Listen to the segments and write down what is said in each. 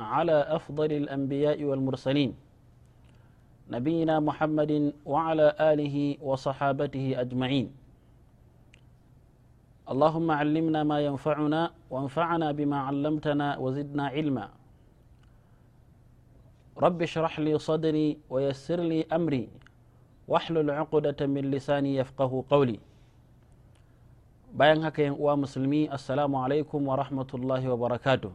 على أفضل الأنبياء والمرسلين نبينا محمد وعلى آله وصحابته أجمعين اللهم علمنا ما ينفعنا وانفعنا بما علمتنا وزدنا علما رب اشرح لي صدري ويسر لي أمري واحلل عقدة من لساني يفقه قولي bayan هكا مسلمي السلام عليكم ورحمة الله وبركاته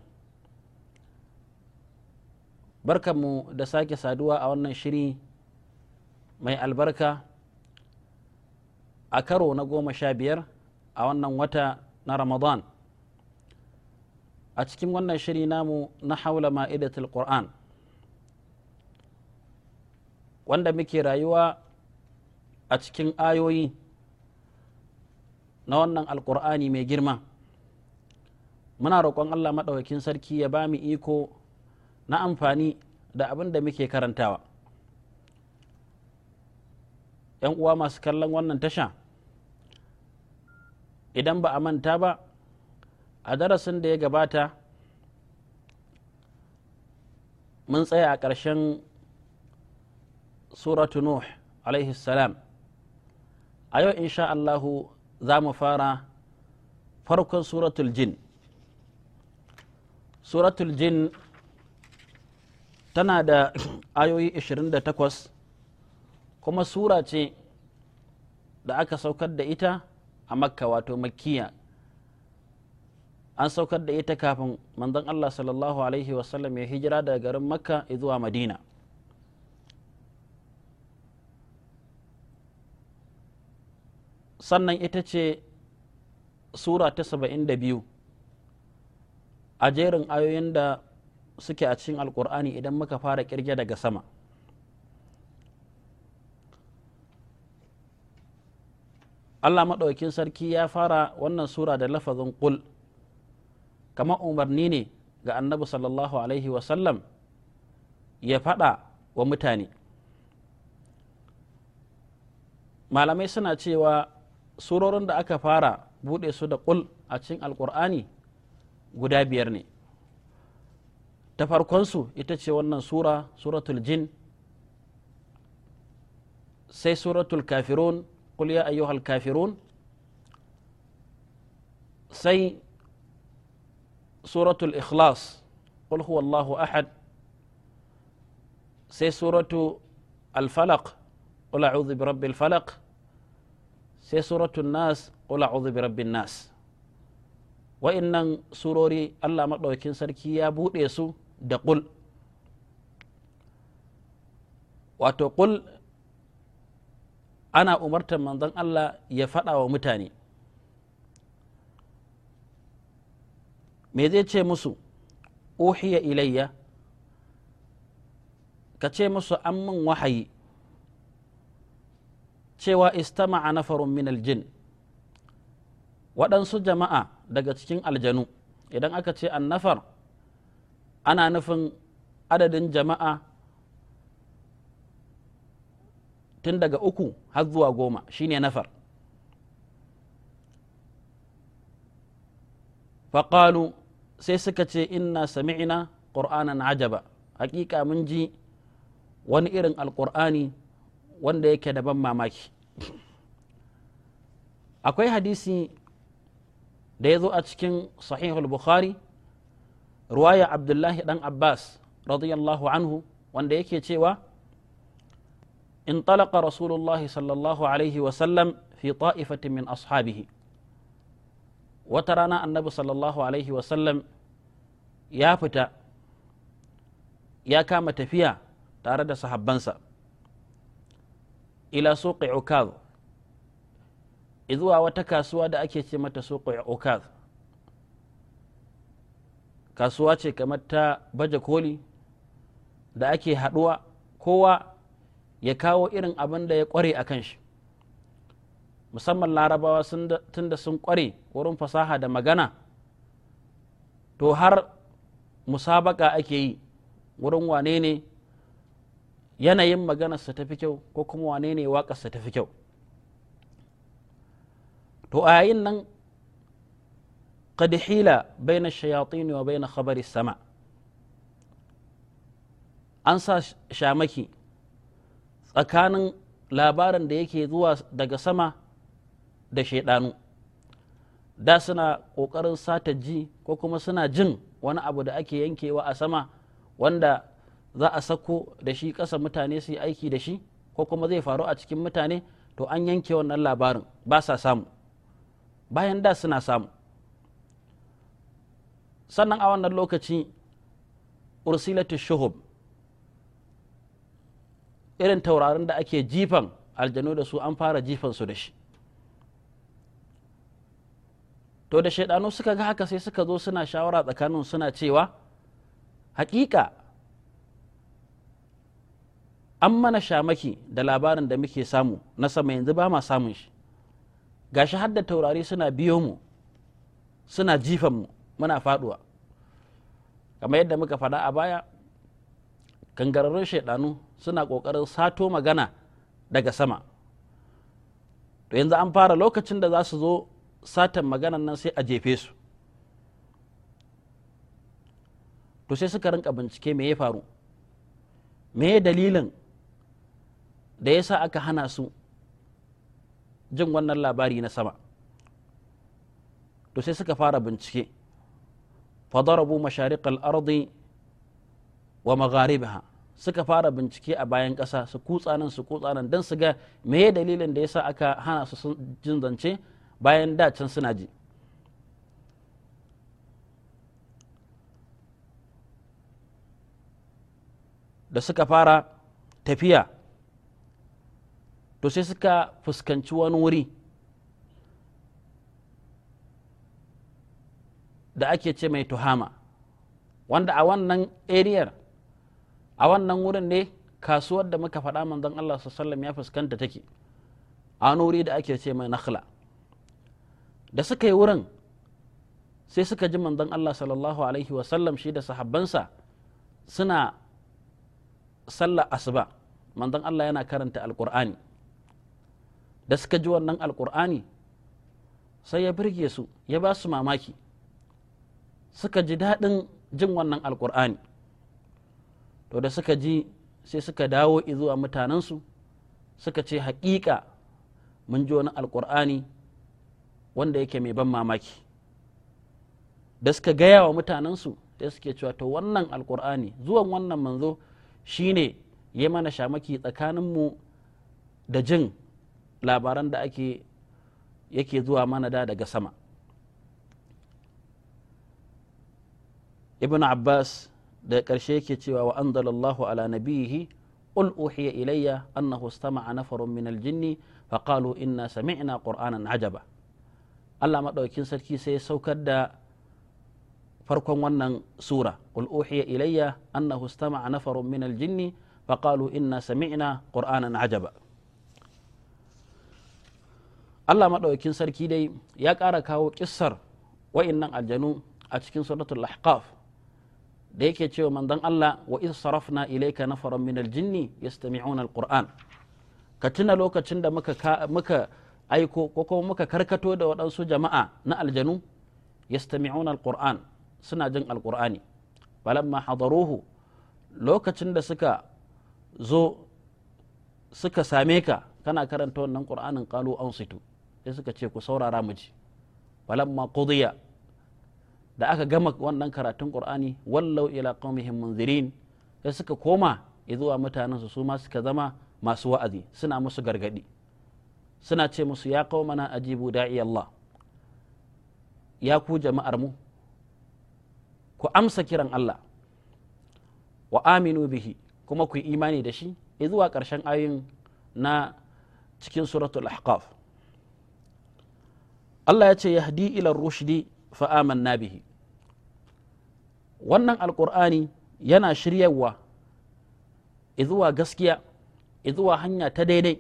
barkanmu da sake saduwa a wannan shiri mai albarka a karo na goma sha biyar a wannan wata na ramadan a cikin wannan shiri namu na haula ma'idatul qur'an wanda muke rayuwa a cikin ayoyi na wannan alkur'ani mai girma muna roƙon allah maɗaukakin sarki ya ba mu iko na amfani da abin da muke karantawa yan uwa masu kallon wannan tasha idan ba a manta ba a darasin da ya gabata mun tsaya a ƙarshen suratu nuh alaihi salam a yau insha Allahu za mu fara farkon suratul jin suratul jin tana da ayoyi 28 kuma sura ce da aka saukar da ita a makka wato makkiya an saukar da ita kafin manzon allah sallallahu alaihi wasallam ya hijira daga garin makka zuwa madina sannan ita ce sura ta 72 a jerin ayoyin da suke a cikin alkur'ani idan muka fara kirge daga sama allah maɗaukin sarki ya fara wannan sura da lafazin ƙul kamar umarni ne ga annabi sallallahu alaihi wasallam ya faɗa wa mutane malamai suna cewa surorin da aka fara buɗe su da ƙul a cikin alkur'ani guda biyar ne ta farkonsu ita ce wannan sura suratul jin sai suratul kafirun qul ya ayyuhal kafirun sai suratul ikhlas qul huwallahu ahad sai suratu al-falaq qul a'udhu birabbil falaq sai suratul nas qul a'udhu birabbin nas wa'innan surori Allah maɗaukin sarki ya buɗe su da ƙul wato ƙul ana umartar manzon Allah ya faɗa wa mutane me zai ce musu uhiya ilayya ka ce musu an mun wahayi cewa istama'a nafarun min aljin waɗansu jama'a daga cikin aljanu idan aka ce an nafar. ana nufin adadin jama'a tun daga uku har zuwa goma shine nafar faƙalu sai suka ce inna sami'ina ƙur'anan ajaba hakika mun ji wani irin alƙur'ani wanda yake da ban mamaki akwai hadisi da ya zo a cikin sahihul bukhari ruwaya abdullahi dan abbas radiyallahu anhu wanda yake cewa in talaka rasulullahi sallallahu alaihi wasallam fi ta'ifatin min ashabihi wata rana annabi sallallahu alaihi wasallam ya ya kama tafiya tare da sahabbansa ila suqi ukaz zuwa wata kasuwa da ake ce mata suqi ukaz kasuwa ce kamar ta baje koli da ake haɗuwa kowa ya kawo irin abin da ya ƙware a kan shi musamman larabawa tun da sun ƙware wurin fasaha da magana to har musabaka ake yi wurin wane ne yanayin maganarsa ta fi kyau ko kuma wane ne waƙarsa ta fi kyau to a yayin nan قد حيل بين الشياطين وبين خبر السماء an sa shamaki tsakanin labarin da yake zuwa daga sama da shaiɗanu da suna ƙoƙarin sata ji ko kuma suna jin wani abu da ake yankewa a sama wanda za a sako da shi ƙasa mutane su yi aiki da shi ko kuma zai faru a cikin mutane to an yanke wannan labarin ba sa samu bayan da suna samu sannan a wannan lokaci ursilatu shuhub irin taurarin da ake jifan aljanu da su an fara jifan su da shi to da shaidanu suka ga haka sai suka zo suna shawara tsakanin suna cewa hakika an mana shamaki da labarin da muke samu na sama yanzu ba ma samun shi gashi har da taurari suna biyo mu suna jifan mu muna faduwa kamar yadda muka fada a baya kangararrun shaidanu suna ƙoƙarin sato magana daga sama to yanzu an fara lokacin da za su zo satan maganan nan sai a jefe su to sai suka rinka bincike me ya faru me ya dalilin da ya sa aka hana su jin wannan labari na sama to sai suka fara bincike fadarabu mashariqal ardi wa magharibaha suka fara bincike a bayan ƙasa su kutsa nan su kutsa nan don su ga meye dalilin da yasa aka hana su jin zance bayan da can suna ji da suka fara tafiya to sai suka fuskanci wani wuri da ake ce mai tuhama wanda a wannan ariyar a wannan wurin ne kasuwar da muka faɗa manzon Allah sallam ya fuskanta take a wuri da ake ce mai nakhla da suka yi wurin sai suka ji manzon Allah sallallahu alaihi wasallam shi da sahabbansa suna sallar asuba manzon Allah yana karanta alkur'ani da suka ji wannan alkur'ani sai ya birge su ya ba su mamaki suka ji daɗin jin wannan alkur'ani to da suka ji sai suka dawo zuwa mutanensu suka ce haƙiƙa mun ji wani alkur'ani wanda yake mai ban mamaki da suka gaya wa mutanensu sai suke cewa to wannan alkur'ani zuwan wannan manzo shine ya mana shamaki tsakaninmu da jin labaran da ake yake zuwa mana da daga sama ibn abbas da ƙarshe yake cewa wa anzalallahu ala nabiyihi qul uhiya ilayya annahu istama'a nafarun min Fa qalu inna sami'na qur'anan ajaba Allah madaukin sarki sai saukar da farkon wannan sura qul uhiya ilayya annahu istama'a nafarun min Fa qalu inna sami'na qur'anan ajaba Allah maɗaukin sarki dai ya ƙara kawo ƙissar wa'innan aljanu a cikin suratul ahqaf da yake cewa manzon Allah wa iz sarafna ilayka nafaran min aljinni yastami'una alquran ka tuna lokacin da muka muka aiko ko kuma muka karkato da waɗansu jama'a na aljanu yastami'una alquran suna jin alqurani falamma hadaruhu lokacin da suka zo suka same ka kana karanta wannan qur'anin qalu ansitu sai suka ce ku saurara mu ji falamma qudiya da aka gama wannan karatun qur'ani wallau ila qaumihim munzirin sai suka koma zuwa mutanen su ma suka zama masu wa'azi suna musu gargadi suna ce musu ya qaumana ajibu da'i Allah ya ku jama'ar mu ku amsa kiran Allah wa aminu bihi kuma ku imani da shi zuwa karshen ayin na cikin suratul ahqaf Allah ya ce yahdi ila rushdi fa'amanna bihi wannan alƙur'ani yana shiryarwa izuwa gaskiya izuwa hanya ta daidai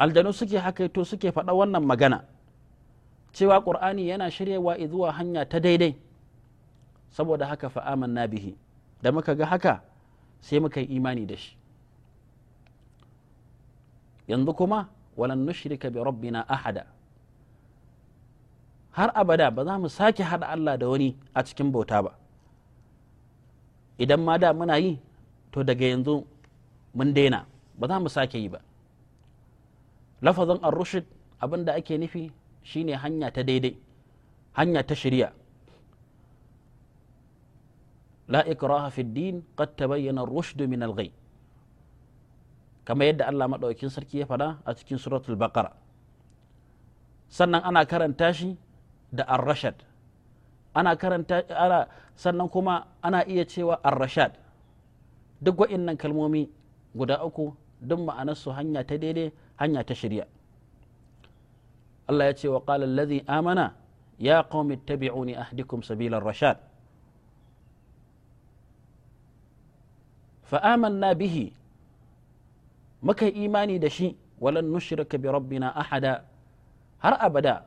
aljanu suke hakaito suke faɗa wannan magana cewa ƙur'ani yana shiryawa izuwa hanya ta daidai saboda haka faaman bihi da muka ga haka sai muka yi imani da shi yanzu kuma walan nushrika bi rabbina ahada har abada ba za mu sake haɗa Allah da wani a cikin bauta ba idan ma da muna yi to daga yanzu mun daina ba za mu sake yi ba lafazin ar-rushd abin da ake nufi shine hanya ta daidai hanya ta shirya la ikraha fi din qad tabayyana ar-rushd min al kamar yadda Allah madaukakin sarki ya faɗa a cikin suratul baqara sannan ana karanta shi da arrashad rashad ana karanta ana sannan kuma ana iya cewa arrashad rashad duk wa'innan kalmomi guda uku duk ma'anarsu hanya ta daidai hanya ta shirya Allah ya ce wa qala allazi amana ya qaumi ittabi'uni ahdikum sabila rashad fa amanna bihi muka imani da shi walan nushrika bi rabbina ahada har abada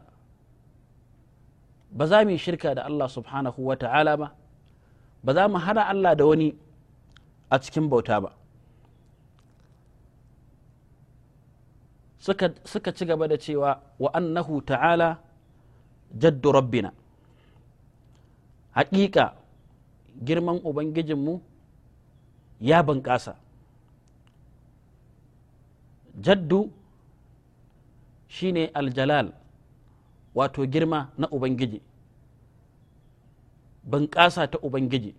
ba za mu yi shirka da Allah subhanahu wa ta'ala ba ba za mu hada Allah da wani a cikin bauta ba suka ci gaba da cewa wa annahu ta'ala jaddu rabbina haƙiƙa girman ubangijinmu ya bunƙasa jaddu shine aljalal wato girma na ubangiji bunƙasa ta ubangiji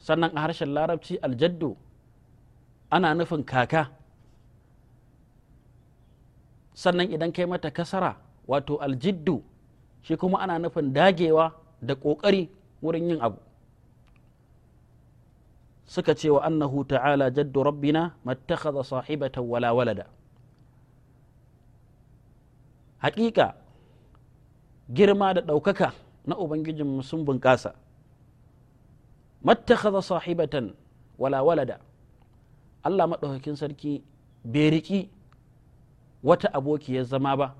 sannan a harshen larabci aljaddu ana nufin kaka sannan idan kai mata kasara wato aljiddu shi kuma ana nufin dagewa da ƙoƙari wurin yin abu suka ce wa annahu ta'ala jaddu rabbina mattakhadha sahibatan wala walada haƙiƙa girma da ɗaukaka na ubangijinmu sun bunƙasa mattakhadha sahibatan wala walada Allah maɗaukakin sarki bai riƙi wata aboki ya zama ba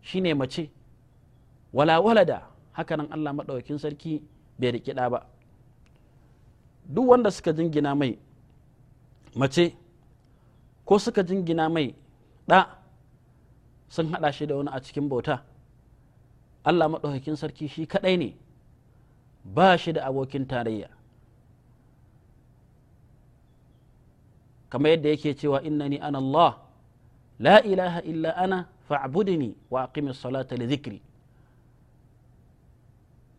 shi ne mace wala walada hakanan Allah maɗaukakin sarki bai riƙi ɗa ba duk wanda suka jingina mai mace ko suka jingina mai ɗa sun haɗa shi da wani a cikin bauta Allah maɗaukakin sarki shi kaɗai ne ba shi da abokin tarayya kamar yadda yake cewa ni an Allah la ilaha illa ana fa'budni wa aqimis salata li dhikri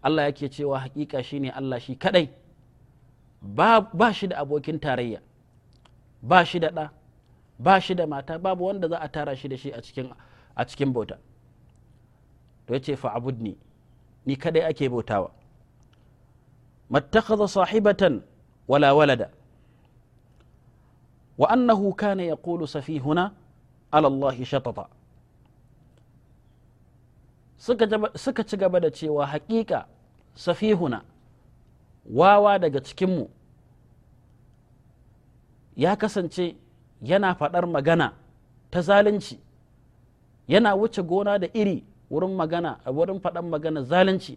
Allah yake cewa hakika shine Allah shi kadai ba, ba shi da abokin tarayya ba shi da ɗa ba shi da mata babu wanda za a tara shi da shi a cikin bauta to yace fa abudni ni kadai ake bautawa mattakhadha sahibatan wala walada wa annahu kana yaqulu safihuna ala Allah shatata suka ci gaba da cewa haƙiƙa safihuna wawa daga cikinmu ya kasance yana faɗar magana ta zalunci yana wuce gona da iri wurin magana a wurin faɗan magana zalunci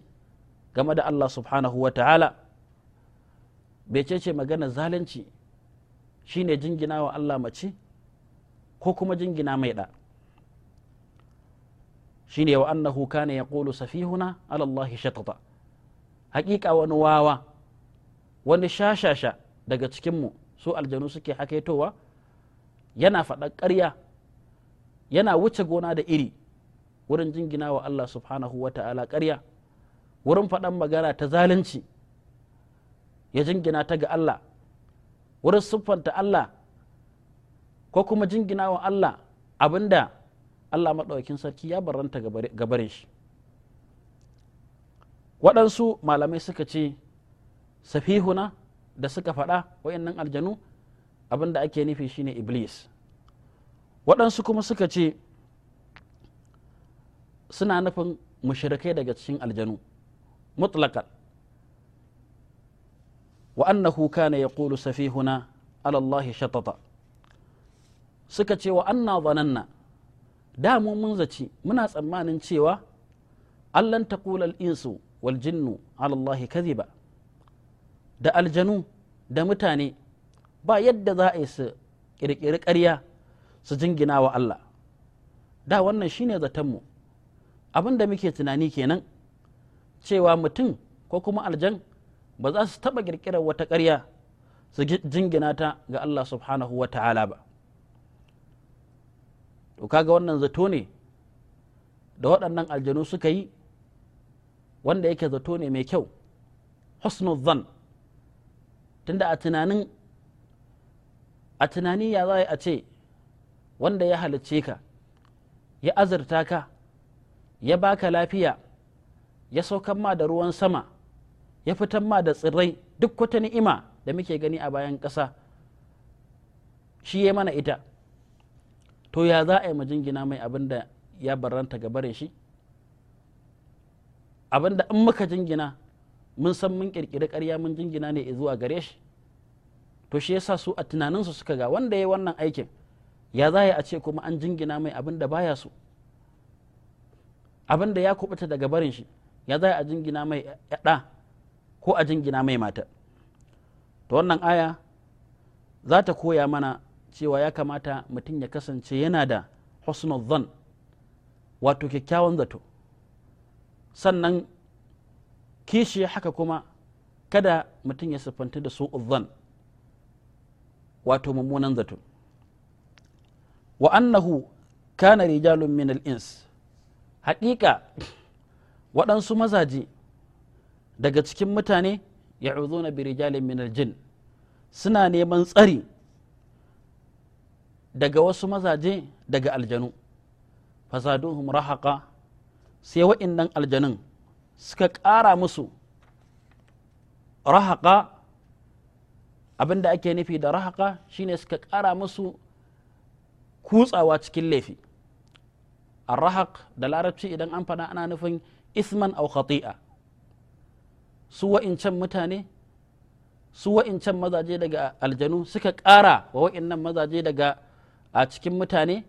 game da Allah subhanahu wa ta'ala ce magana zalunci shine jingina wa Allah mace ko kuma jingina mai ɗa shine wa annahu kana yaqulu safihuna ala Allah shatata haƙiƙa wani wawa wani shashasha daga cikinmu su aljanu suke hakaitowa yana faɗa ƙarya yana wuce gona da iri wurin jingina wa Allah subhanahu wa ta'ala ƙarya wurin faɗan magana ta zalunci ya jingina ta ga Allah wurin siffanta Allah ko kuma jingina wa Allah abinda Allah maɗaukin sarki ya baranta gabarin shi waɗansu malamai suka ce safihuna da suka faɗa nan aljanu abinda ake nufi shine iblis waɗansu kuma suka ce suna nufin mushrikai daga cikin aljanu mutlaqan wa annahu kana yaqulu safihuna ala Allah shatata suka ce wa anna zananna da mu mun zaci muna tsammanin cewa allan taqula al-insu wal jinnu ala Allah kadhiba da aljanu da mutane ba yadda za a yi su kirkiri ƙarya su jingina wa Allah da wannan shine zaton mu abin da muke tunani kenan cewa mutum ko kuma aljan ba za su taɓa ƙirƙirar wata ƙarya su jingina ta ga Allah subhanahu wa ta'ala ba to kaga wannan zato ne da waɗannan aljanu suka yi wanda yake zato ne mai kyau husnul zan tunda a tunanin a tunani ya za a ce wanda ya halicce ka ya azurta ka ya baka lafiya ya saukan ma da ruwan sama ya fitan ma da tsirrai duk wata ni'ima da muke gani a bayan ƙasa shi ya mana ita to ya za a yi majingina mai abin da ya baranta ga bare shi abin da in muka jingina mun san mun kirkiri karya mun jingina ne zuwa gare shi to shi yasa su a tunaninsu suka ga wanda ya yi wannan aikin ya za a ce kuma an jingina mai abin da baya so abin da ya kubuta daga barin shi ya za a jingina mai yada ko a jingina mai mata ta wannan aya za ta koya mana cewa ya kamata mutum ya kasance yana da husnul zan wato kyakkyawan zato sannan kishi haka kuma kada mutum ya siffanta da su zan wato mummunan zato wa annahu kana rijalun min al-ins haƙiƙa waɗansu mazaje daga cikin mutane ya na birijalin suna neman tsari daga wasu mazaje daga aljanu fasaduhum rahaka sai wa'innan aljanun suka ƙara musu rahaka abin da ake nufi da rahaka shine suka ƙara musu kutsawa cikin laifi arrahaq da larabci idan an faɗa ana nufin isman au khati'a su wa'incan mutane su wa'incan mazaje daga aljanu suka ƙara wa wa'innan mazaje daga a cikin mutane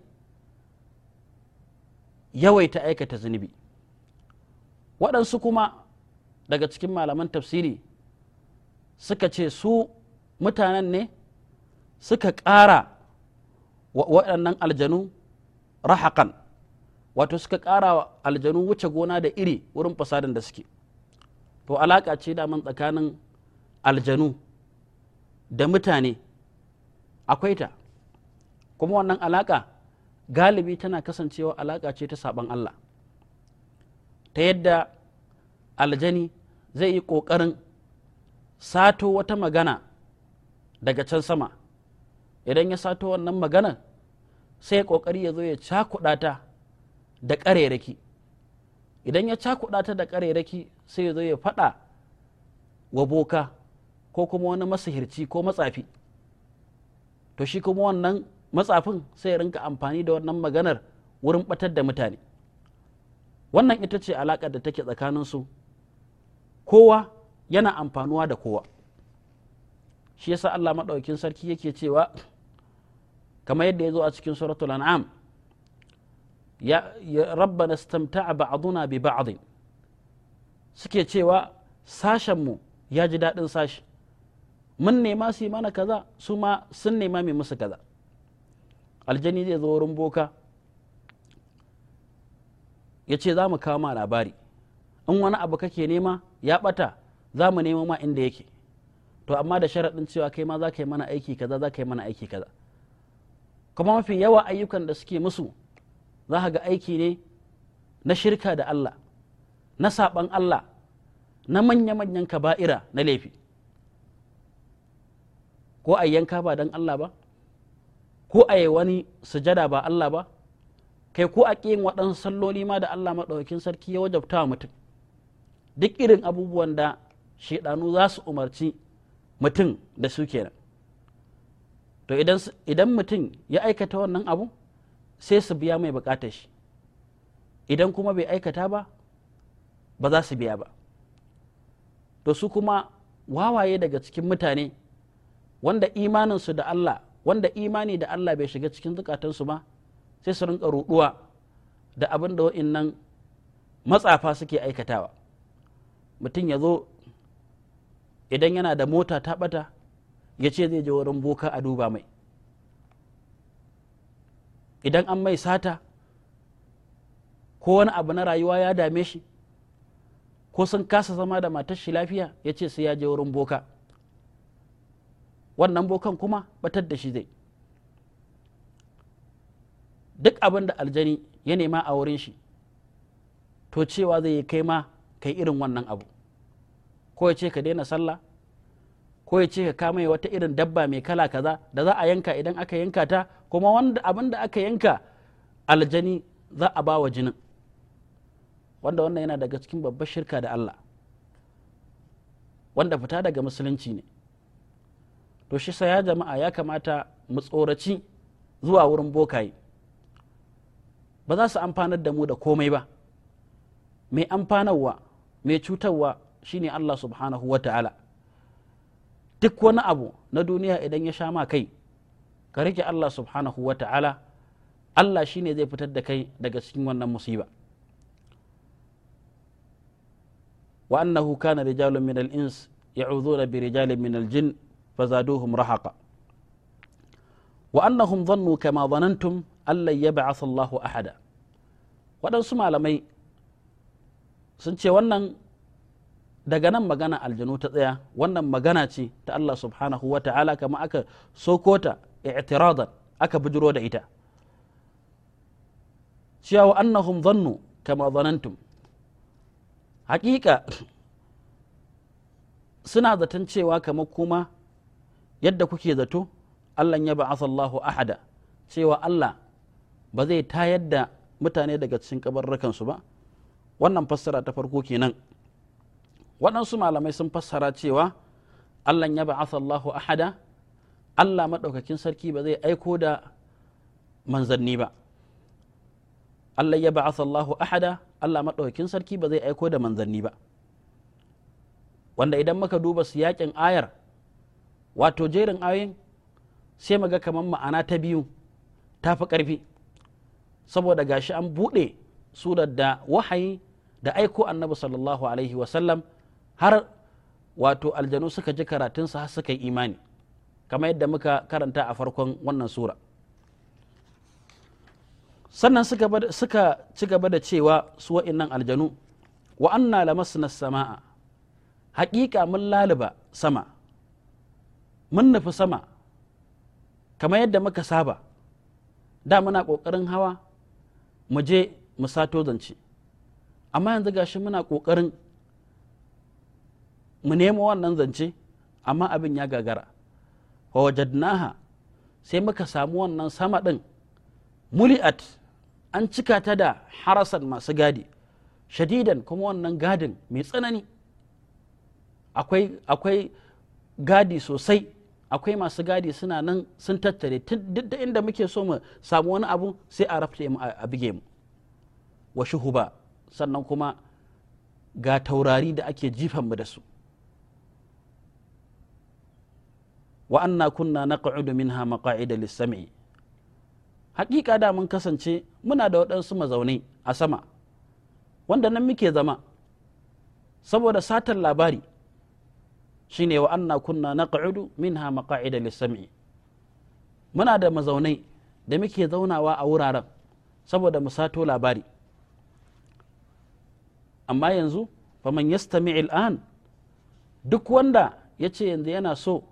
yawaita aikata zunubi waɗansu kuma daga cikin malaman tafsiri suka ce su mutanen ne suka ƙara waɗannan aljanu rahakan wato suka ƙara aljanu wuce gona da iri wurin fasadin da suke to alaka ce daman tsakanin aljanu da mutane akwai ta kuma wannan alaka galibi tana kasancewa alaka ce ta sabon Allah ta yadda aljani zai yi ƙoƙarin sato wata magana daga can sama idan ya sato wannan magana sai ƙoƙari ya zo ya cakuɗa ta da ƙarairaki idan ya cakuɗa ta da ƙarairaki sai ya zo ya faɗa wa boka ko kuma wani masahirci ko matsafi to shi kuma wannan matsafin sai ya rinka amfani da wannan maganar wurin ɓatar da mutane wannan ita ce alaƙar da take tsakaninsu kowa yana amfanuwa da kowa shi yasa Allah maɗaukin sarki yake cewa kamar yadda ya zo a cikin suratul an'am ya rabbana a ba'duna bi ba'din suke cewa sashen mu ya ji daɗin sashi mun nema su yi mana kaza su ma sun nema mai musu kaza aljani zai zo wurin boka ya ce za mu kawo ma labari in wani abu kake nema ya ɓata za mu nema ma inda yake to amma da sharaɗin cewa kai ma za ka yi mana aiki kaza za ka yi mana aiki kaza kuma mafi yawa ayyukan da suke musu za a ga aiki ne na shirka da Allah na saɓan Allah na manya-manyan kaba'ira na laifi ko a yanka ba don Allah ba ko a yi wani sujada ba Allah ba kai ko a ƙin waɗansu salloli ma da Allah maɗaukin sarki ya wajabta wa mutum duk irin abubuwan da shaidanu za su umarci mutum da su kenan to idan mutum ya aikata wannan abu sai su biya mai bukatar shi idan kuma bai aikata ba ba za su biya ba to su kuma wawaye daga cikin mutane wanda imaninsu da Allah wanda imani da Allah bai shiga cikin zukatansu ba sai su rinka ruɗuwa da abin da nan matsafa suke aikatawa mutum ya zo idan yana da mota ta ɓata ya ce zai je wurin boka a duba mai idan an mai sata ko wani abu na rayuwa ya dame shi ko sun kasa zama da matar shi lafiya ya ce sai ya je wurin boka wannan bokan kuma batar da shi zai duk abin da aljani ya nema a wurin shi to cewa zai kai ma kai irin wannan abu ko ya ce ka daina sallah ko ya ce ka kama wata irin dabba mai kala kaza da za a yanka idan aka yanka ta kuma wanda abin da aka yanka aljani za a ba wa jinin wanda wannan yana daga cikin babbar shirka da Allah wanda fita daga musulunci ne to shi ya jama'a ya kamata mu tsoraci zuwa wurin bokaye ba za su amfanar da mu da komai ba mai amfanarwa mai cutarwa shine Allah subhanahu wa ta'ala duk wani abu na duniya idan ya sha ma kai ka rike Allah subhanahu wa ta'ala Allah shine zai fitar da kai daga cikin wannan musiba wa annahu kana rijalun min al ya ya'udhuna bi rijalin min al-jinn fazaduhum rahaqa wa annahum dhannu kama Allah alla yab'ath Allahu ahada waɗansu malamai sun ce wannan daga nan magana aljanu ta tsaya wannan magana ce ta Allah subhanahu wa ta'ala kama aka sokota i'tiradan aka bujiro da ita cewa annahum zannu kama zanantum hakika suna zaton cewa kamar kuma yadda kuke zato Allah ya ba'asa Allahu ahada cewa Allah ba zai tayar da mutane daga cikin kabarrakansu ba wannan fassara ta farko kenan waɗansu malamai sun fassara cewa Allah ya ba'asa Allahu ahada allah maɗaukakin sarki ba zai aiko da manzanni ba allah ya ba'atha allahu ahada allah maɗaukakin sarki ba zai aiko da manzanni ba wanda idan muka duba siyakin ayar wato jerin ayoyin sai muga kamar ma'ana ta biyu ta fi ƙarfi saboda gashi an buɗe surar da wahayi da aiko annabi sallallahu alaihi wasallam har wato aljanu suka ji karatunsa har suka yi imani kamar yadda muka karanta a farkon wannan sura sannan suka ci gaba da cewa su nan aljanu wa anna na sama'a haƙiƙa mun laliba sama mun nufi sama kamar yadda muka saba da muna ƙoƙarin hawa mu je mu sato zance amma yanzu gashi muna ƙoƙarin mu nemo wannan zance amma abin ya gagara wa wajadnaha sai muka samu wannan sama ɗin muli'at an cika ta da harasan masu gadi shadidan kuma wannan gadin mai tsanani akwai gadi sosai akwai masu gadi suna nan sun tattare duk da inda muke so mu samu wani abu sai a rafta mu a bige mu wa shuhuba sannan kuma ga taurari da ake jifan mu da su wa anna kunna naq'udu minha maqa'ida lis-sam'i haƙiƙa da mun kasance muna da waɗansu mazaunai a sama wanda nan muke zama saboda satar labari shine wa anna kunna naq'udu minha maqa'ida lis-sam'i muna da mazaunai da muke zaunawa a wuraren saboda mu sato labari amma yanzu faman yastami an duk wanda ya ce yanzu yana so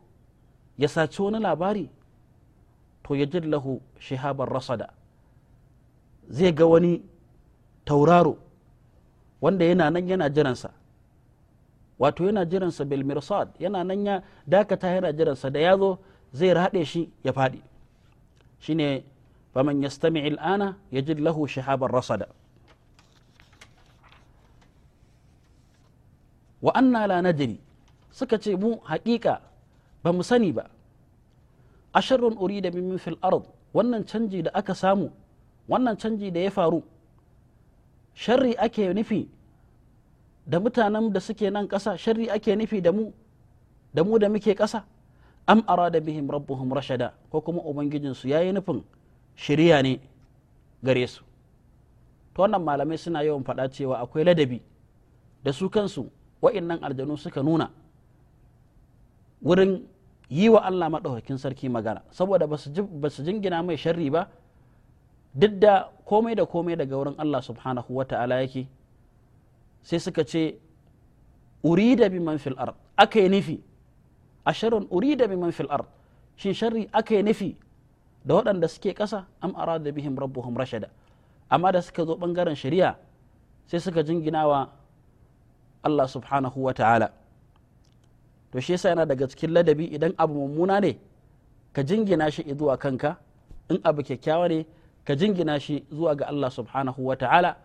ya saci wani labari to ya lahu shahabar rasada zai ga wani tauraro wanda yana nan yana jiransa wato yana jiransa bilmirsad yana nan ya dakata yana jiransa da ya zo zai raɗe shi ya faɗi shine faman yastami ya yajid lahu shahabar rasada wa na la suka ce mu haƙiƙa ba mu sani ba a asharrun uri da fil ard wannan canji da aka samu wannan canji da ya faru sharri ake nufi da mutanen da suke nan ƙasa sharri ake nufi da mu da mu da muke ƙasa am arada bihim rabbuhum rashada ko kuma ubangijinsu yayi nufin shiriya ne gare su to wannan malamai suna yawan faɗa cewa akwai ladabi da su kansu nan aljanu suka nuna wurin yi wa Allah maɗaukakin sarki magana saboda ba su jingina mai sharri ba duk da komai da komai daga wurin Allah subhanahu wa ta'ala yake sai suka ce uri da bi man fil ard aka yi nufi a sharrin da bi man fil ard shin sharri aka yi nufi da waɗanda suke ƙasa am da bihim rabbuhum rashada amma da suka zo ɓangaren shari'a sai suka jingina wa Allah subhanahu wa ta'ala to shi yasa yana daga cikin ladabi idan abu mummuna ne ka jingina shi zuwa kanka in abu kyakkyawa ne ka jingina shi zuwa ga Allah subhanahu wa ta'ala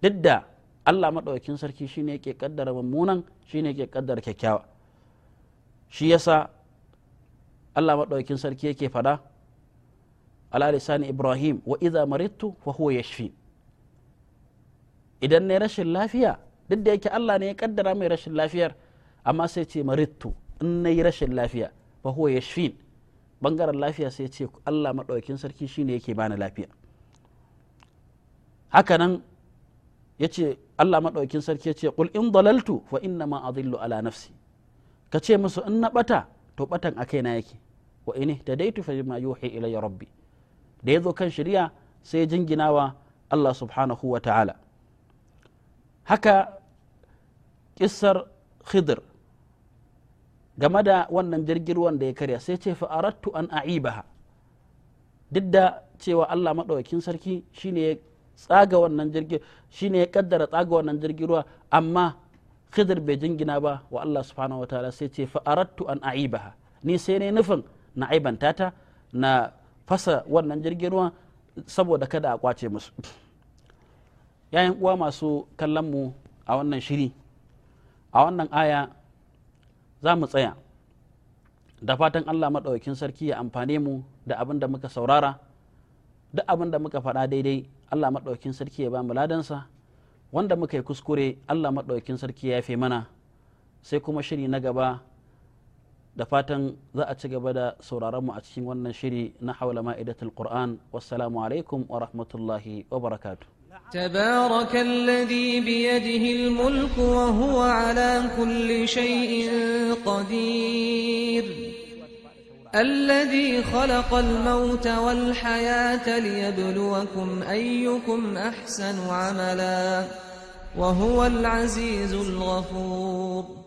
duk da Allah maɗaukin sarki shine yake kaddara mummunan shine yake kaddara kyakkyawa shi yasa Allah maɗaukin sarki yake fada ala lisani Ibrahim wa idza maridtu fa huwa yashfi idan ne rashin lafiya duk da yake Allah ne ya kaddara mai rashin lafiyar amma sai ce marittu in na yi rashin lafiya fa huwa bangaren lafiya sai ce Allah maɗaukin sarki shine yake bani lafiya hakanan ya ce Allah maɗaukin sarki ya ce qul in dalaltu fa inna ma adillu ala nafsi ka ce musu in na ɓata to batan a kaina yake wa ta tadaitu fa bima yuhi ilayya rabbi da zo kan shari'a sai jinginawa Allah subhanahu wa ta'ala haka kissar khidr game da wannan jirgin ruwan da ya karya sai ce fa arattu an a'ibaha duk da cewa Allah maɗaukakin sarki shine ya tsaga wannan jirgin shine ya kaddara tsaga wannan jirgin ruwa amma khidr bai jingina ba wa Allah subhanahu wataala sai ce fa arattu an a'ibaha ni sai ne nufin na aibanta ta na fasa wannan jirgin ruwa saboda kada a kwace musu yayin uwa masu kallon mu a wannan shiri a wannan aya za mu tsaya da fatan allah maɗaukin sarki ya amfane mu da abin da muka saurara da abin da muka faɗa daidai allah maɗaukin sarki ya ba mu ladansa wanda muka yi kuskure allah maɗaukin sarki ya yafe mana sai kuma shiri na gaba da fatan za a ci gaba da sauraron mu a cikin wannan shiri na haula ma'idatul qur'an wassalamu alaikum wa rahmatullahi wa barakatuh تبارك الذي بيده الملك وهو على كل شيء قدير الذي خلق الموت والحياة ليبلوكم أيكم أحسن عملا وهو العزيز الغفور